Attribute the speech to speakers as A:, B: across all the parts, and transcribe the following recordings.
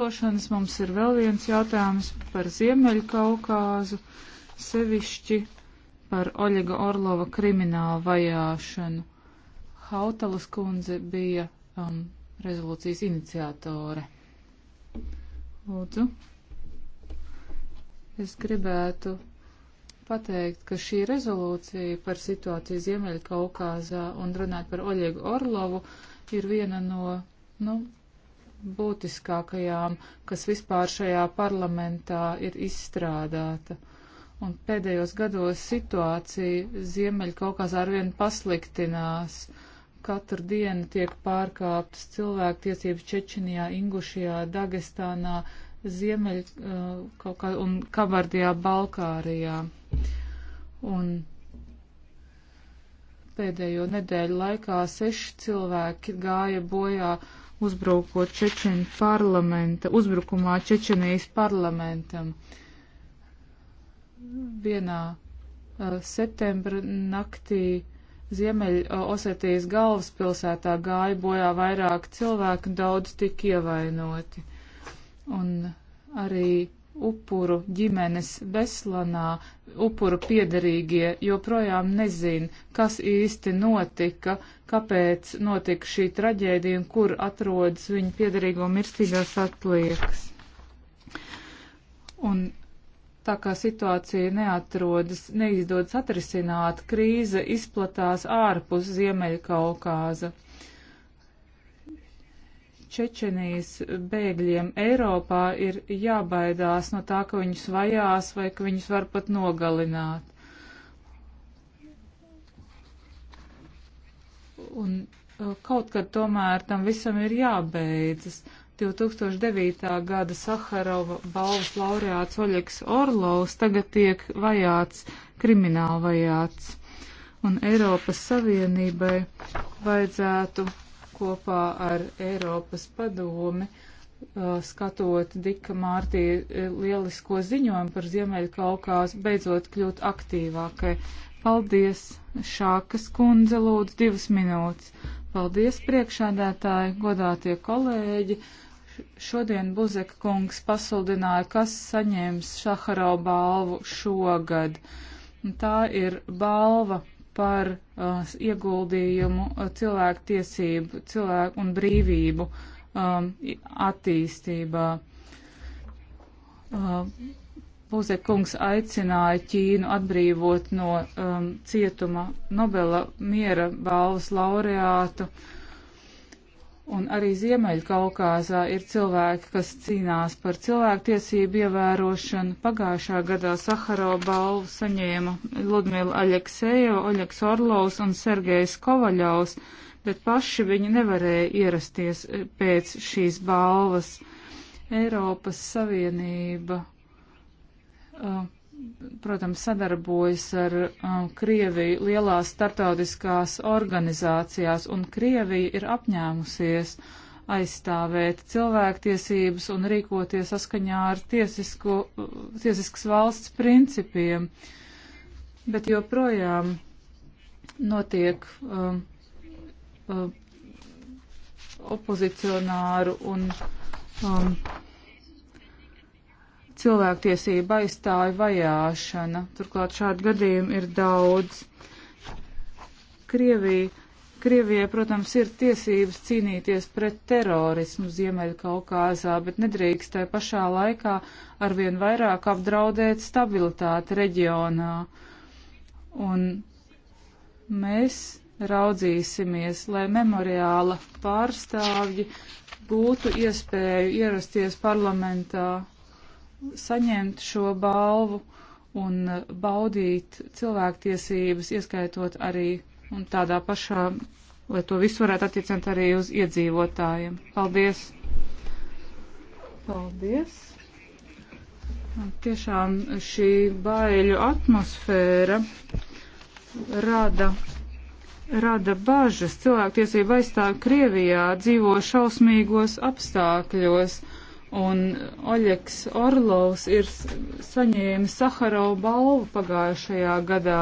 A: Balsošanas mums ir vēl viens jautājums par Ziemeļkaukāzu, sevišķi par Oļega Orlova kriminālu vajāšanu. Hautalas kundze bija um, rezolūcijas iniciatore. Lūdzu. Es gribētu pateikt, ka šī rezolūcija par situāciju Ziemeļkaukāzā un runāt par Oļegu Orlovu ir viena no, nu, būtiskākajām, kas vispār šajā parlamentā ir izstrādāta. Un pēdējos gados situācija Ziemeļkaukās arvien pasliktinās. Katru dienu tiek pārkāptas cilvēktiesības Čečenijā, Ingušijā, Dagestānā, Ziemeļ uh, kaut kā un Kabardijā, Balkārijā. Un pēdējo nedēļu laikā seši cilvēki gāja bojā uh, uzbrukot Čečenu parlamenta, uzbrukumā Čečenijas parlamentam. Vienā uh, septembra naktī Ziemeļ uh, Osetijas galvaspilsētā gāja bojā vairāk cilvēku, daudz tika ievainoti. Un arī upuru ģimenes Beslanā, upuru piederīgie joprojām nezin, kas īsti notika, kāpēc notika šī traģēdija un kur atrodas viņu piederīgo mirstīgās atliekas. Un tā kā situācija neatrodas, neizdodas atrisināt, krīze izplatās ārpus Ziemeļkaukāza. Čečenijas bēgļiem Eiropā ir jābaidās no tā, ka viņus vajās vai ka viņus var pat nogalināt. Un uh, kaut kad tomēr tam visam ir jābeidzas. 2009. gada Saharova balvas laureāts Oļeks Orlovs tagad tiek vajāts, krimināli vajāts. Un Eiropas Savienībai vajadzētu kopā ar Eiropas padomi, uh, skatot Dika Mārtī uh, lielisko ziņojumu par Ziemeļu Kaukās, beidzot kļūt aktīvākai. Paldies, Šākas kundze, lūdzu, divas minūtes. Paldies, priekšādētāji, godātie kolēģi. Šodien Buzeka kungs pasludināja, kas saņēmis Šaharo balvu šogad. Tā ir balva par uh, ieguldījumu uh, cilvēku tiesību cilvēku un brīvību um, attīstībā. Uh, Pūzek kungs aicināja Ķīnu atbrīvot no um, cietuma Nobela miera balvas laureātu. Uh, Un arī Ziemeļkaukāzā ir cilvēki, kas cīnās par cilvēktiesību ievērošanu. Pagājušā gadā Saharo balvu saņēma Ludmila Aļeksejeva, Oļeks Orlovs un Sergejs Kovaļovs, bet paši viņi nevarēja ierasties e, pēc šīs balvas. Eiropas Savienība uh, protams, sadarbojas ar um, Krieviju lielās startautiskās organizācijās, un Krievija ir apņēmusies aizstāvēt cilvēktiesības un rīkoties saskaņā ar tiesisko, tiesiskas valsts principiem. Bet joprojām notiek um, um, opozicionāru un um, cilvēktiesība aizstāja vajāšana. Turklāt šādu gadījumu ir daudz. Krievija, Krievijai, protams, ir tiesības cīnīties pret terorismu Ziemeļkaukāzā, bet nedrīkst tai pašā laikā arvien vairāk apdraudēt stabilitāti reģionā. Un mēs raudzīsimies, lai memoriāla pārstāvji būtu iespēju ierasties parlamentā saņemt šo balvu un uh, baudīt cilvēktiesības, ieskaitot arī un tādā pašā, lai to visu varētu attiecināt arī uz iedzīvotājiem. Paldies! Paldies! Tiešām šī baiļu atmosfēra rada, rada bažas. Cilvēktiesība aizstāv Krievijā dzīvo šausmīgos apstākļos Un Oļeks Orlovs ir saņēmis Saharau balvu pagājušajā gadā.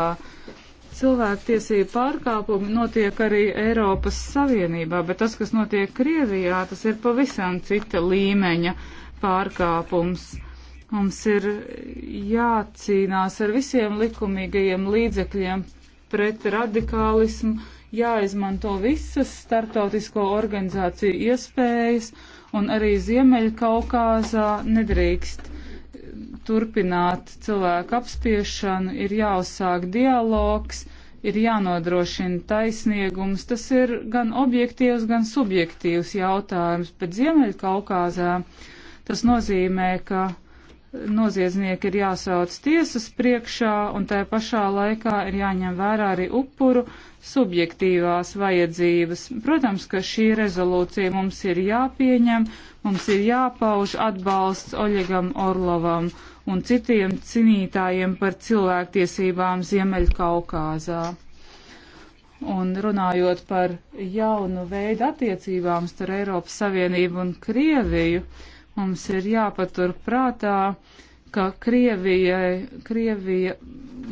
A: Cilvēktiesība pārkāpumi notiek arī Eiropas Savienībā, bet tas, kas notiek Krievijā, tas ir pavisam cita līmeņa pārkāpums. Mums ir jācīnās ar visiem likumīgajiem līdzekļiem pret radikālismu, jāizmanto visas startautisko organizāciju iespējas un arī Ziemeļkaukāzā nedrīkst turpināt cilvēku apspiešanu, ir jāuzsāk dialogs, ir jānodrošina taisniegums. Tas ir gan objektīvs, gan subjektīvs jautājums, bet Ziemeļkaukāzā tas nozīmē, ka noziedznieki ir jāsauc tiesas priekšā un tajā pašā laikā ir jāņem vērā arī upuru subjektīvās vajadzības. Protams, ka šī rezolūcija mums ir jāpieņem, mums ir jāpauž atbalsts Oļegam Orlovam un citiem cīnītājiem par cilvēktiesībām Ziemeļkaukāzā. Un runājot par jaunu veidu attiecībām starp Eiropas Savienību un Krieviju, uh, Mums ir jāpatur prātā, ka Krievijai, Krievija,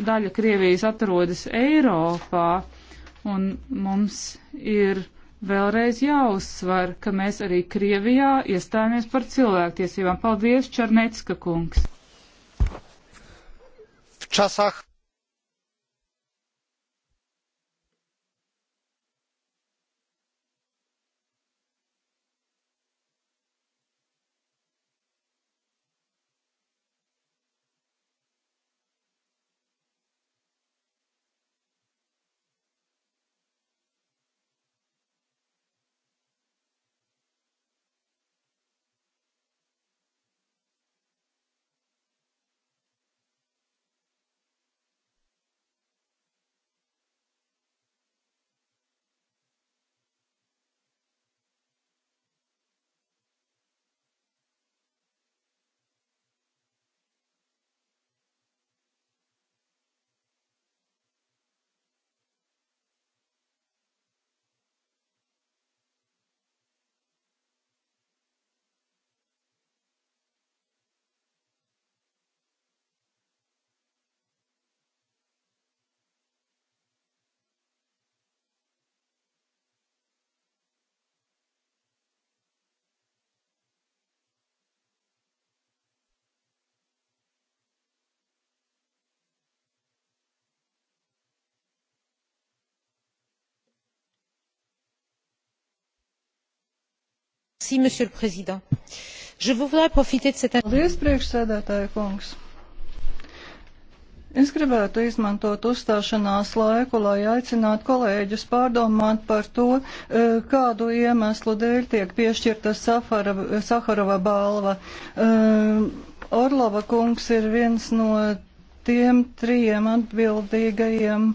A: daļa Krievijas atrodas Eiropā, un mums ir vēlreiz jāuzsver, ka mēs arī Krievijā iestājāmies par cilvēktiesībām. Paldies, Čarnecka kungs! W czasach
B: monsieur le président je voudrais profiter de cette Es gribētu izmantot uzstāšanās laiku, lai aicinātu kolēģus pārdomāt par to, eh, kādu iemeslu dēļ tiek piešķirta Saharova balva. Eh, Orlova kungs ir viens no tiem trijiem atbildīgajiem e,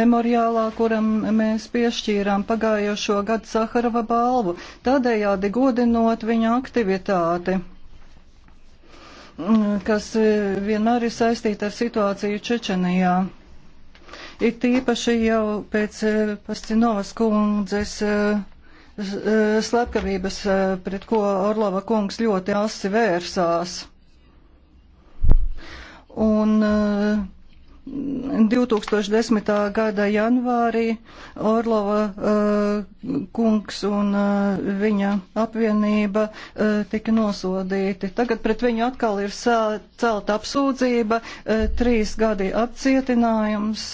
B: memoriālā, kuram mēs piešķīrām pagājušo gadu Saharova balvu, tādējādi godinot viņa aktivitāti mm, kas eh, vienmēr ir saistīta ar situāciju Čečenijā. It īpaši jau pēc eh, Pastinovas kundzes slepkavības, pret ko Orlova kungs ļoti asi vērsās. Un 2010. Eh, gada janvārī Orlova eh, kungs un eh, viņa apvienība tika nosodīti. Tagad pret viņu atkal ir celta apsūdzība, trīs gadi apcietinājums.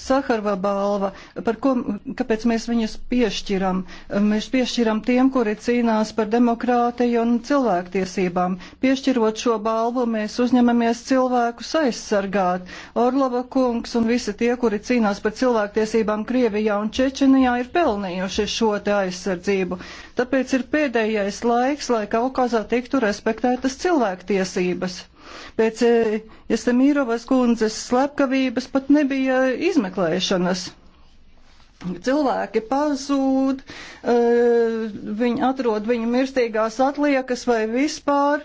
B: Saharva balva, par ko, kāpēc mēs viņus piešķiram. Mēs piešķiram tiem, kuri cīnās par demokrātiju un cilvēktiesībām. Piešķirot šo balvu, mēs uzņemamies cilvēkus aizsargāt. Orlova kungs un visi tie, kuri cīnās par cilvēktiesībām Krievijā un Čečenijā, ir pelnījuši šo te aizsardzību. Tāpēc ir pēdējais laiks, lai Kaukazā tiktu respektētas cilvēktiesības. Pēc eh, Jasemīrovas kundzes slepkavības pat nebija eh, izmeklēšanas. Cilvēki pazūd, eh, viņi atrod viņu mirstīgās atliekas vai vispār.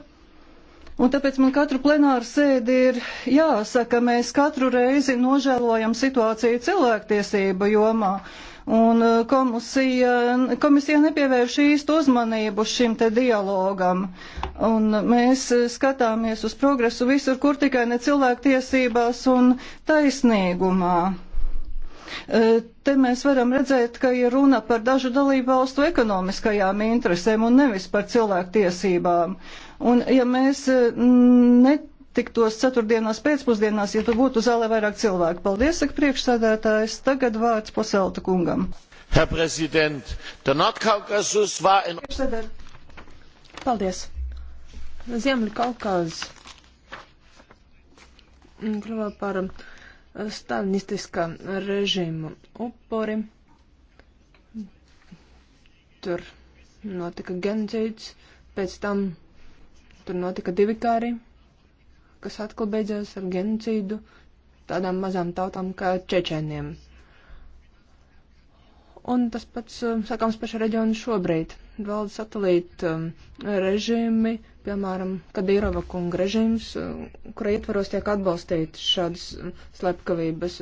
B: Un tāpēc man katru plenāru sēdi ir jāsaka, mēs katru reizi nožēlojam situāciju cilvēktiesība jomā. Uh, Un eh, komisija, komisija nepievērš īstu uzmanību šim te dialogam. Un mēs eh, skatāmies uz progresu visur, kur tikai ne cilvēktiesībās un taisnīgumā. Eh, te mēs varam redzēt, ka ir runa par dažu dalību valstu ekonomiskajām interesēm un nevis par cilvēktiesībām. Un ja mēs net tiktos ceturtdienās pēcpusdienās, ja tur būtu zālē vairāk cilvēku. Paldies, saka priekšsēdētājs. Tagad vārds Poselta kungam.
C: Herr Präsident, der Nordkaukasus war in.
B: Paldies.
D: Ziemļkaukāzes kļuva par um, stalinistiskā režīma upuri. Tur notika genocīds, pēc tam tur notika divi kāri kas atkal beidzās ar genocīdu tādām mazām tautām kā čečēniem. Un tas pats um, sakāms par šo reģionu šobrīd. Vēl satelīta um, režīmi, piemēram, Kadīrova kunga režīms, um, kura ietvaros tiek atbalstīt šādas slepkavības.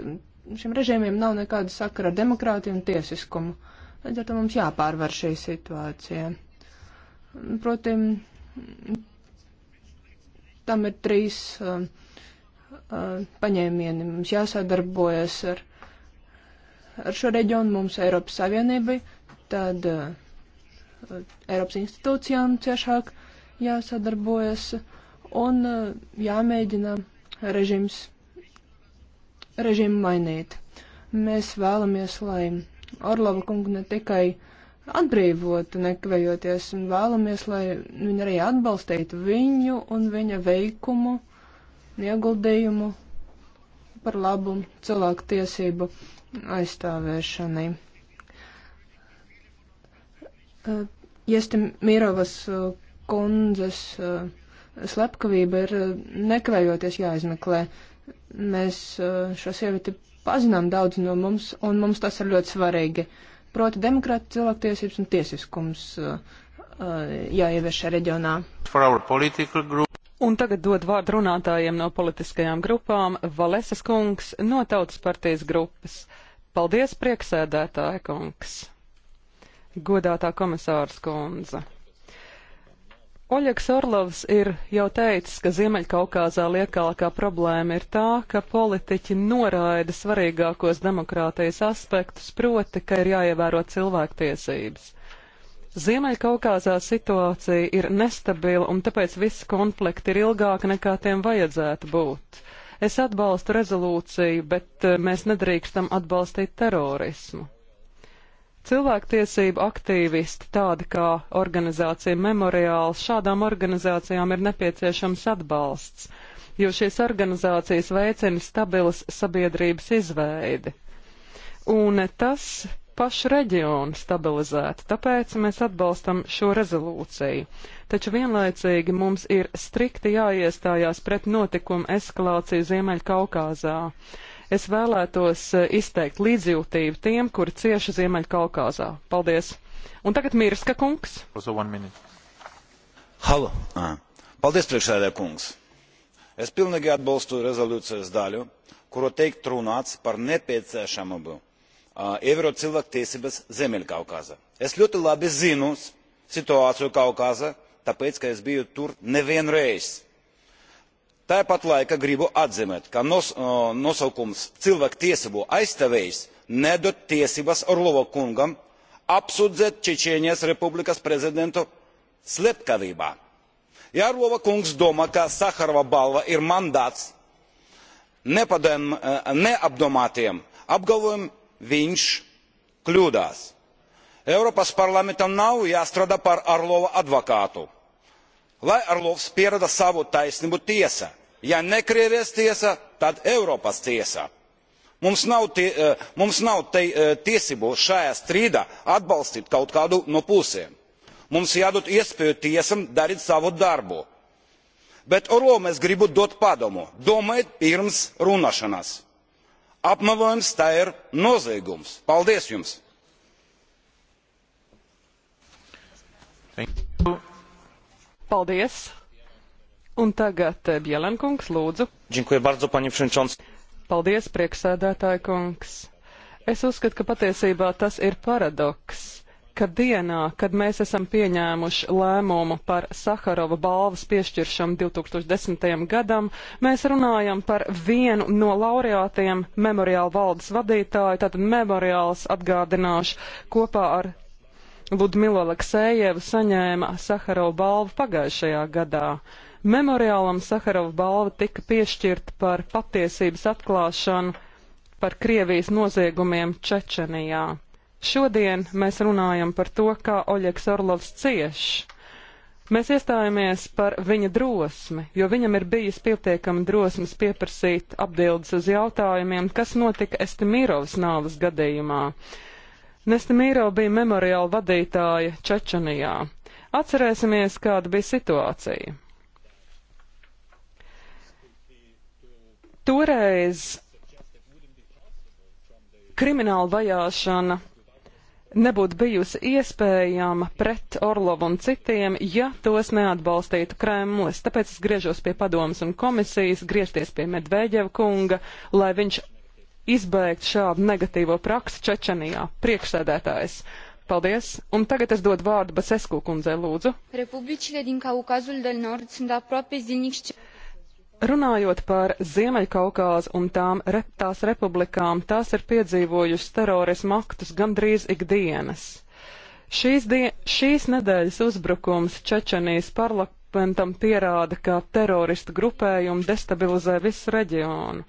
D: Šiem režīmiem nav nekāda sakara ar demokrātiju un tiesiskumu. Līdz ar to mums jāpārvar šī situācija. Proti, Tam ir trīs uh, uh, paņēmieni. Mums jāsadarbojas ar, ar šo reģionu, mums Eiropas Savienībai, tad uh, Eiropas institūcijām ciešāk jāsadarbojas un uh, jāmēģina režīms, režīmu mainīt. Mēs vēlamies, lai Orlova kunga ne tikai uh, atbrīvot, nekavējoties, un vēlamies, lai viņi arī atbalstītu viņu un viņa veikumu, ieguldījumu par labu cilvēku tiesību aizstāvēšanai. Iesti Mirovas kundzes slepkavība ir nekavējoties jāizmeklē. Mēs šo sievieti pazinām daudz no mums, un mums tas ir ļoti svarīgi. Uh, Proti
E: demokrāti, cilvēktiesības un tiesiskums uh, uh jāievieš reģionā. Un tagad dod vārdu runātājiem no politiskajām grupām Valesas kungs no Tautas partijas grupas. Paldies, prieksēdētāja kungs! Godātā komisārs kundze! Oļegs Orlovs ir jau teicis, ka Ziemeļkaukāzā liekākā problēma ir tā, ka politiķi noraida svarīgākos demokrātijas aspektus, proti, ka ir jāievēro cilvēktiesības. Ziemeļkaukāzā situācija ir nestabila, un tāpēc visi konflikti ir ilgāki nekā tiem vajadzētu būt. Es atbalstu rezolūciju, bet eh, mēs nedrīkstam atbalstīt terorismu. Cilvēktiesību aktīvisti, tādi kā organizācija Memoriāls, šādām organizācijām ir nepieciešams atbalsts, jo šīs organizācijas veicina stabilas sabiedrības izveidi. Un tas pašu reģionu stabilizētu, tāpēc mēs atbalstam šo rezolūciju. Taču vienlaicīgi mums ir strikti jāiestājās pret notikumu eskalāciju Ziemeļkaukāzā. Kaukāzā Es vēlētos eh, izteikt līdzjūtību tiem, kuri cieši Ziemeļkaukāzā. Paldies! Un tagad Mirska kungs.
C: Halo! Paldies, priekšsēdē kungs! Es pilnīgi atbalstu rezolūcijas daļu, kuru teikt runāts par nepieciešamību ievērot cilvēktiesības Ziemeļkaukāzā. Es ļoti labi zinu situāciju Kaukāzā, tāpēc, ka es biju tur nevienreiz tāpat laikā gribu atzīmēt ka nos, nosaukums cilvēktiesību aizstāvējs nedod tiesības orlova kungam apsūdzēt čečēnijas republikas prezidentu slepkavībā. ja orlova kungs domā ka saharova balva ir mandāts nepadom, e, neapdomātiem apgalvojumiem viņš kļūdās. Eiropas parlamentam nav jāstrādā par Arlova advokātu, lai Arlovs pierāda savu taisnību tiesā ja ne krievijas tiesa tad Eiropas tiesa. Mums nav, tie, eh, mums nav te, eh, tiesību šajā strīdā atbalstīt kaut kādu no pusēm. Mums jādod iespēju tiesam darīt savu darbu. Bet Romas gribu dot padomu. Domājiet pirms runašanas. Apmelojums tā ir noziegums. Paldies jums! Paldies! Un
E: tagad eh, Bielankungs, lūdzu. Bardzo, Paldies, prieksēdētāja kungs. Es uzskatu, ka patiesībā tas ir paradoks, ka dienā, kad mēs esam pieņēmuši lēmumu par Saharova balvas piešķiršanu 2010. gadam, mēs runājam par vienu no laureātiem memoriāla valdes vadītāju, tātad memoriāls atgādināšu kopā ar Ludmilo Aleksējevu saņēma Saharova balvu pagājušajā gadā. Memoriālam Saharova balva tika piešķirta par patiesības atklāšanu par Krievijas noziegumiem Čečenijā. Šodien mēs runājam par to, kā Oļegs Orlovs cieš. Mēs iestājāmies par viņa drosmi, jo viņam ir bijis pietiekami drosmes pieprasīt atbildes uz jautājumiem, kas notika Estimīrovas nāves gadījumā. Nestimīrova bija memoriāla vadītāja Čečenijā. Atcerēsimies, kāda bija situācija. Toreiz krimināla vajāšana nebūtu bijusi iespējama pret Orlovu un citiem, ja tos neatbalstītu Kremlis. Tāpēc es griežos pie padomas un komisijas, griezties pie Medveģeva kunga, lai viņš izbeigtu šādu negatīvo praksi Čečenijā. Priekšsēdētājs. Paldies, un tagad es dodu vārdu Basesku kundzei, lūdzu.
A: Republikile din Kaukazul del Nord sunt aproape zilnic
E: Runājot par Ziemeļkaukāzu un tām, re, tās republikām, tās ir piedzīvojušas terorismu aktus gandrīz ikdienas. Šīs, die, šīs nedēļas uzbrukums Čečenijas parlamentam pierāda, ka teroristu grupējumi destabilizē visu reģionu.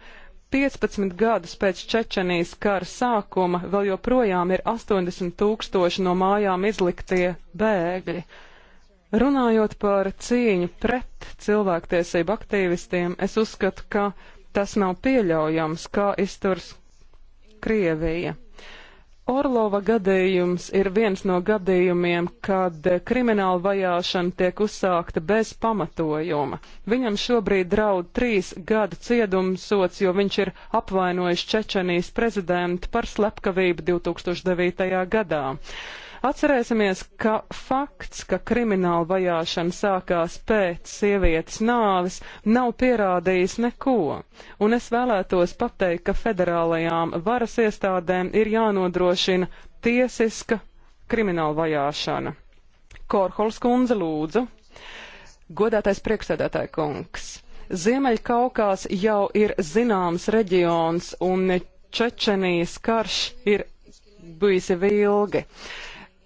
E: 15 gadus pēc Čečenijas kara sākuma vēl joprojām ir 80 tūkstoši no mājām izliktie bēgļi Runājot par cīņu pret cilvēktiesību aktīvistiem, es uzskatu, ka tas nav pieļaujams, kā izturs Krievija. Orlova gadījums ir viens no gadījumiem, kad krimināla vajāšana tiek uzsākta bez pamatojuma. Viņam šobrīd draud trīs gadu ciedumsots, jo viņš ir apvainojis Čečenijas prezidentu par slepkavību 2009. gadā. Atcerēsimies, ka fakts, ka krimināla vajāšana sākās pēc sievietes nāves, nav pierādījis neko, un es vēlētos pateikt, ka federālajām varas iestādēm ir jānodrošina tiesiska krimināla vajāšana. Korhols kundze lūdzu. Godātais priekšsēdētāja kungs. Ziemeļkaukās jau ir zināms reģions un Čečenijas karš ir bijis jau ilgi. Uh,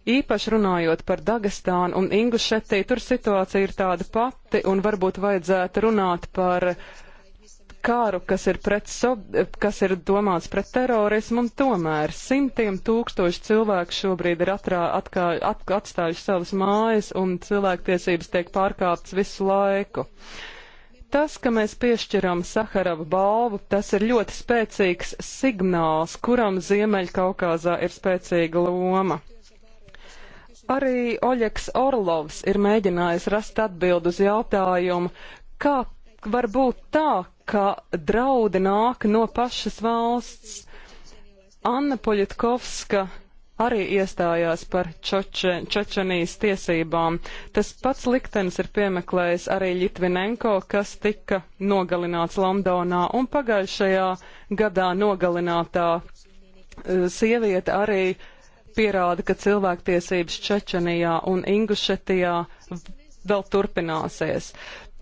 E: Īpaši runājot par Dagestānu un Ingušetiju, tur situācija ir tāda pati un varbūt vajadzētu runāt par kāru, kas ir, pret, kas ir domāts pret terorismu, un tomēr simtiem tūkstoši cilvēku šobrīd ir atrā, atkā, at, atstājuši savas mājas, un cilvēktiesības tiek pārkāptas visu laiku. Tas, ka mēs piešķiram Saharava balvu, tas ir ļoti spēcīgs signāls, kuram Ziemeļkaukāzā ir spēcīga loma. Arī Oļegs Orlovs ir mēģinājis rast atbildu uz jautājumu, kā var būt tā, ka draudi nāk no pašas valsts. Anna Poļitkovska arī iestājās par Čoče, Čečenijas tiesībām. Tas pats liktenis ir piemeklējis arī Ļitvinenko, kas tika nogalināts Londonā un pagājušajā gadā nogalinātā eh, sieviete arī pierāda, ka cilvēktiesības Čečenijā un Ingušetijā vēl turpināsies.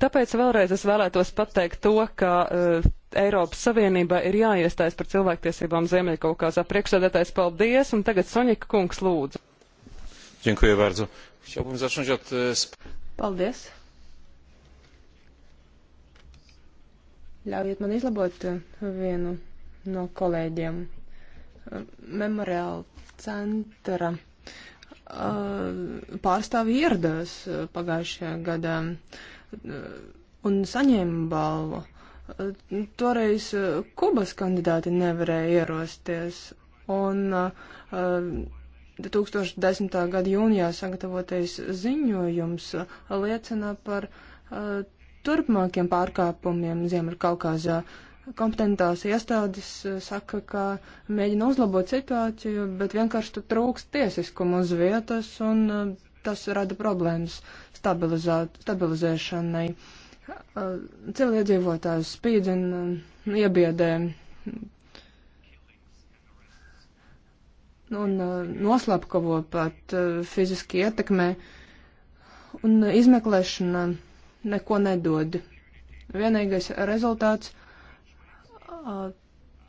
E: Tāpēc vēlreiz es vēlētos pateikt to, ka uh, Eiropas Savienībā ir jāiestājas par cilvēktiesībām Ziemeļkaukāzā. Priekšsēdētājs paldies, un tagad Soņika kungs lūdzu.
C: Dziękuję bardzo. Chciałbym zacząć od... E,
E: paldies.
D: Ļaujiet man izlabot e, vienu no kolēģiem memoriāla centra pārstāvi ieradās pagājušajā gadā un saņēma balvu. Toreiz Kubas kandidāti nevarēja ierosties, un 2010. gada jūnijā sagatavotais ziņojums liecina par turpmākiem pārkāpumiem Ziemeļkaukāzā. Uh, kompetentās iestādes eh, saka, ka mēģina uzlabot situāciju, bet vienkārši trūkst tiesiskumu uz vietas, un eh, tas rada problēmas stabilizēšanai. Eh, civiliedzīvotājs spīdzina, iebiedē. Un noslapkavo pat fiziski ietekmē, un izmeklēšana neko nedod. Vienīgais rezultāts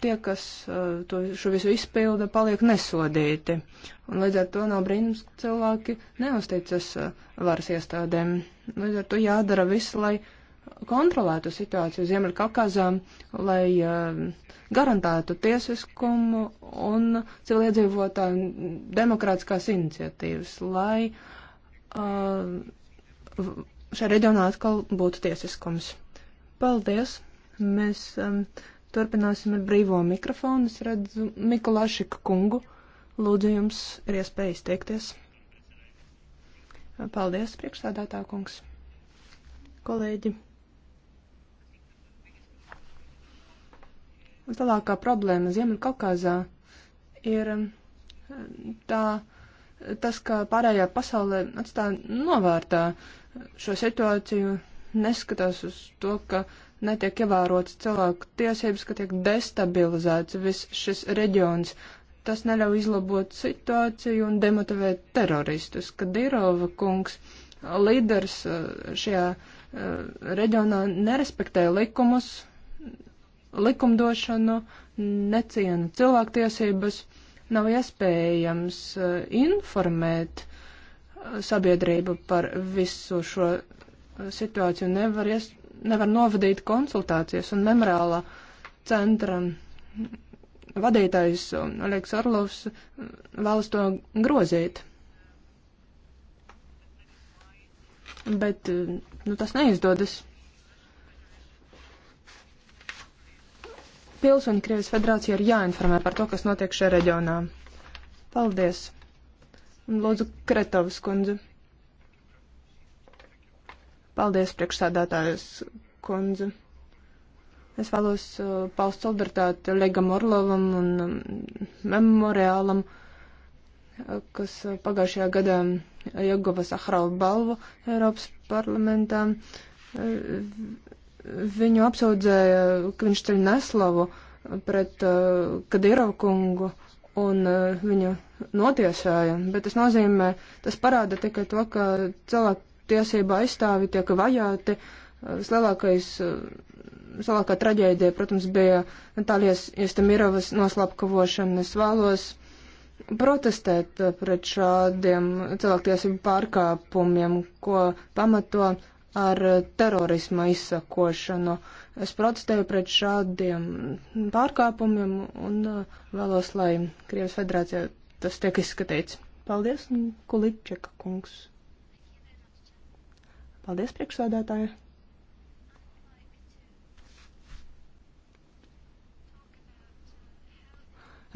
D: tie, kas to, šo visu izpilda, paliek nesodīti. Un līdz ar to nav brīnums, ka cilvēki neuzticas varas iestādēm. Līdz ar to jādara viss, lai kontrolētu situāciju Ziemeļkakazā, lai uh, garantētu tiesiskumu un civiliedzīvotāju demokrātiskās iniciatīvas, lai uh, šajā reģionā atkal būtu tiesiskums. Paldies! Mēs um, uh, Turpināsim ar brīvo mikrofonu. Es redzu Mikulāšika kungu. Lūdzu, jums ir iespēja izteikties. Paldies, priekšsādātā kungs. Kolēģi. Lielākā problēma Ziemeļkaukazā ir um, tā, tas, ka pārējā pasaulē atstāja novārtā šo situāciju neskatās uz to, ka netiek ievērotas cilvēku tiesības, ka tiek destabilizēts viss šis reģions. Tas neļauj izlabot situāciju un demotivēt teroristus, ka Dirova kungs, līderis eh, šajā eh, reģionā, nerespektē likumus, likumdošanu, neciena cilvēktiesības, nav iespējams eh, informēt sabiedrību par visu šo situāciju nevar, ies, nevar novadīt konsultācijas, un memorāla centra vadītājs Oļegs um, Orlovs um, vēlas to grozīt. Bet um, nu, tas neizdodas. Pilsoņi Krievijas federācija ir jāinformē par to, kas notiek šajā reģionā. Paldies! Un lūdzu, Kretovas kundze. Paldies, priekšsādātājas kundze. Es vēlos uh, paust solidaritāti Legam Orlovam un um, memoriālam, uh, kas uh, pagājušajā gadā ieguva Sahrava balvu Eiropas parlamentā. Uh, viņu apsūdzēja, ka viņš ceļ neslavu pret uh, Kadirova kungu un uh, viņu notiesāja, bet tas nozīmē, tas parāda tikai to, ka cilvēki tiesība aizstāvi tiek vajāti. Slielākais, slielākā traģēdija, protams, bija Natālijas Iestamirovas noslapkavošana. Es vēlos protestēt pret šādiem cilvēktiesību pārkāpumiem, ko pamato ar terorisma izsakošanu. Es protestēju pret šādiem pārkāpumiem un vēlos, lai Krievijas federācijā tas tiek izskatīts. Paldies, Kuličeka kungs. Paldies, priekšsādātāji!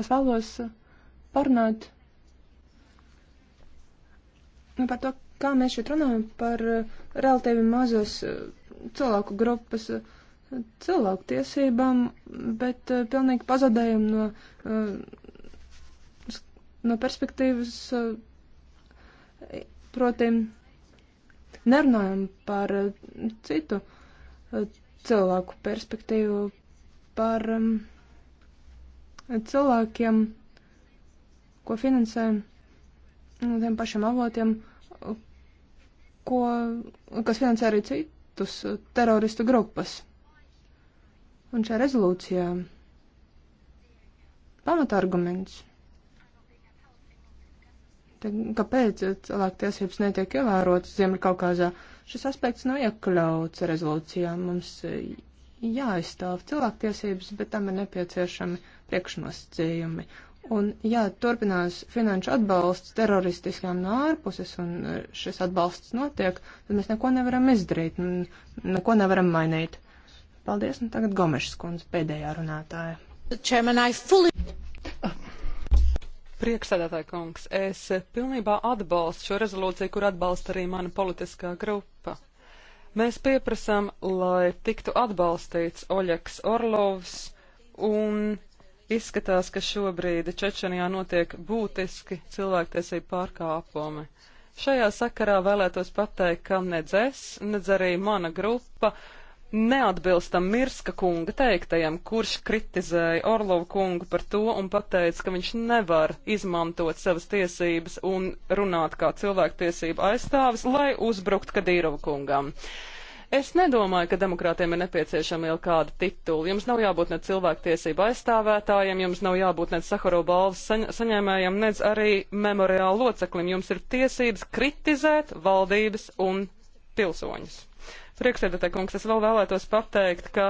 D: Es vēlos parunāt nu, par to, kā mēs šeit runājam par eh, relatīvi mazas eh, cilvēku grupas eh, cilvēku tiesībām, bet pilnīgi pazudējam no, no perspektīvas, proti, nerunājam par eh, citu eh, cilvēku perspektīvu, par mm, cilvēkiem, ko finansē no mm, tiem pašiem avotiem, ko, kas finansē arī citus eh, teroristu grupas. Un šajā rezolūcijā pamatarguments Kāpēc cilvēktiesības netiek ievērotas Ziemeļkaukāzā? Šis aspekts nav iekļauts rezolūcijā. Mums jāizstāv cilvēktiesības, bet tam ir nepieciešami priekšnosacījumi. Un, jā, turpinās finanšu atbalsts teroristiskajām no ārpuses, un šis atbalsts notiek, tad mēs neko nevaram izdarīt, neko nevaram mainīt. Paldies, un tagad Gomešas kundze pēdējā runātāja. Chairman, fully...
E: Priekšsēdētāja kungs, es pilnībā atbalstu šo rezolūciju, kur atbalsta arī mana politiskā grupa. Mēs pieprasām, lai tiktu atbalstīts Oļeks Orlovs, un izskatās, ka šobrīd Čečenijā notiek būtiski cilvēktiesību pārkāpumi. Šajā sakarā vēlētos pateikt, ka nedz es, nedz arī mana grupa neatbilstam Mirska kunga teiktajam, kurš kritizēja Orlovu kungu par to un pateica, ka viņš nevar izmantot savas tiesības un runāt kā cilvēktiesība aizstāvis, lai uzbrukt Kadīrovu kungam. Es nedomāju, ka demokrātiem ir nepieciešama jau kāda titula. Jums nav jābūt ne cilvēktiesība aizstāvētājiem, jums nav jābūt ne Sakaro balvas saņ saņēmējiem, nedz arī memoriāla loceklim. Jums ir tiesības kritizēt valdības un pilsoņus. Priekšsēdētāji kungs, es vēl vēlētos pateikt, ka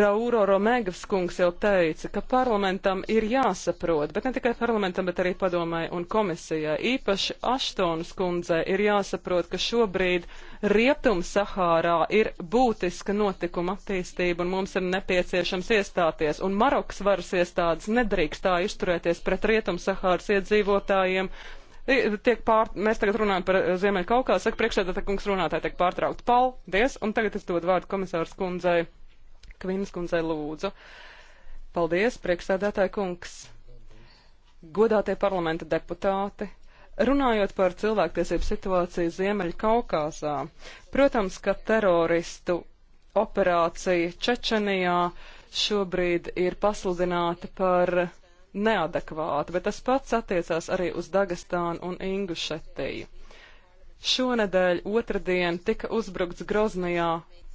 E: Rauro Romegas kungs jau teica, ka parlamentam ir jāsaprot, bet ne tikai parlamentam, bet arī padomai un komisijai. Īpaši Aštonas kundzei ir jāsaprot, ka šobrīd Rietum Sahārā ir būtiska notikuma attīstība un mums ir nepieciešams iestāties. Un Marokas varas iestādes nedrīkst tā izturēties pret Rietum Sahāras iedzīvotājiem E, tiek pār, mēs tagad runājam par e, Ziemeļkaukā, saka priekšsēdētā kungs runātāji tiek pārtraukt. Paldies, un tagad es dodu vārdu komisārs kundzei, Kvinas kundzei lūdzu. Paldies, priekšsēdētāji kungs. Godātie parlamenta deputāti, Runājot par cilvēktiesību situāciju Ziemeļkaukāzā, protams, ka teroristu operācija Čečenijā šobrīd ir pasludināta par neadekvāti, bet tas pats attiecās arī uz Dagestānu un Ingušetiju. Šonedēļ otrdien tika uzbrukts Groznijā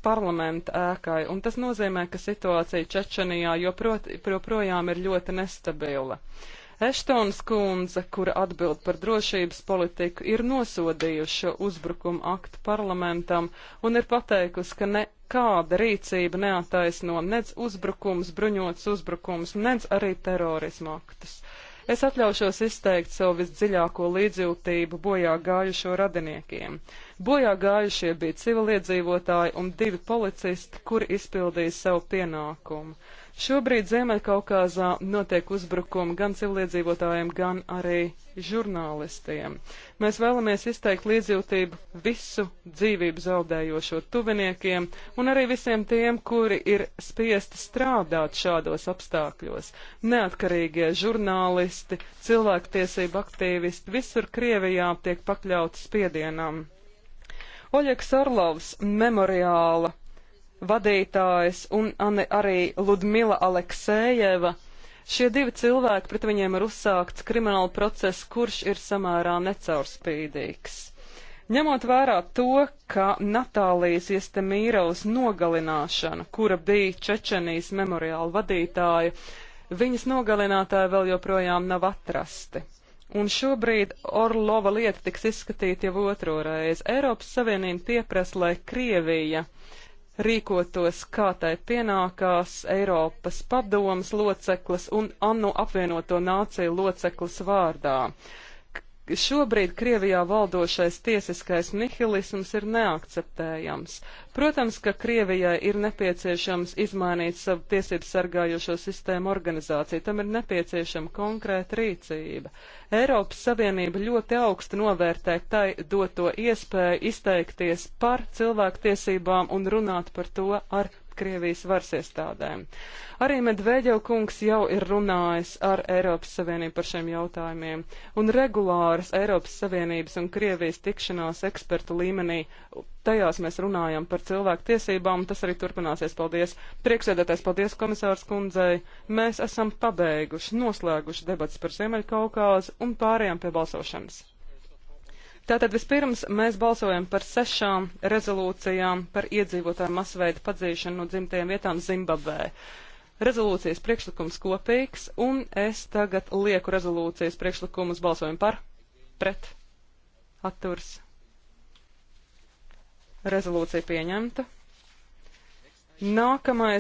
E: parlamenta ēkai, un tas nozīmē, ka situācija Čečenijā joprojām ir ļoti nestabila. Eštons kundze, kura atbild par drošības politiku, ir nosodījuši šo uzbrukumu aktu parlamentam un ir pateikusi, ka ne nekāda rīcība neataisno nec uzbrukums, bruņots uzbrukums, nec arī terorismu aktus. Es atļaušos izteikt savu visdziļāko līdzjūtību bojā gājušo radiniekiem. Bojā gājušie bija civiliedzīvotāji un divi policisti, kuri izpildīja savu pienākumu. Šobrīd Ziemeļkaukāzā notiek uzbrukumi gan civiliedzīvotājiem, gan arī žurnālistiem. Mēs vēlamies izteikt līdzjūtību visu dzīvību zaudējošo tuviniekiem un arī visiem tiem, kuri ir spiesti strādāt šādos apstākļos. Neatkarīgie žurnālisti, cilvēktiesību aktīvisti visur Krievijā tiek pakļauti spiedienam. Oļegs Orlovs memoriāla vadītājs un arī Ludmila Aleksējeva. Šie divi cilvēki, pret viņiem ir uzsākts krimināla process, kurš ir samērā necaurspīdīgs. Ņemot vērā to, ka Natālijas Iestemīraus nogalināšana, kura bija Čečenijas memoriāla vadītāja, viņas nogalinātāja vēl joprojām nav atrasti. Un šobrīd Orlova lieta tiks izskatīta jau otro reizi. Eiropas Savienība pieprasa, lai Krievija uh, rīkotos, kā tai pienākās Eiropas padomas loceklis un ANO apvienoto nāciju loceklis vārdā šobrīd Krievijā valdošais tiesiskais nihilisms ir neakceptējams. Protams, ka Krievijai ir nepieciešams izmainīt savu tiesību sargājošo sistēmu organizāciju, tam ir nepieciešama konkrēta rīcība. Eiropas Savienība ļoti augstu novērtē tai doto iespēju izteikties par cilvēktiesībām un runāt par to ar Krievijas varas iestādēm. Arī Medveģev kungs jau ir runājis ar Eiropas Savienību par šiem jautājumiem, un regulāras Eiropas Savienības un Krievijas tikšanās ekspertu līmenī tajās mēs runājam par cilvēku tiesībām, un tas arī turpināsies. Paldies! Priekšsēdētājs, paldies komisārs kundzei! Mēs esam pabeiguši, noslēguši debats par Ziemeļkaukāzu un pārējām pie balsošanas. Tātad vispirms mēs balsojam par sešām rezolūcijām par iedzīvotāju masveidu padzīšanu no dzimtajām vietām Zimbabvē. Rezolūcijas priekšlikums kopīgs, un es tagad lieku rezolūcijas priekšlikumus balsojumu par, pret, atturs. Rezolūcija pieņemta. Nākamais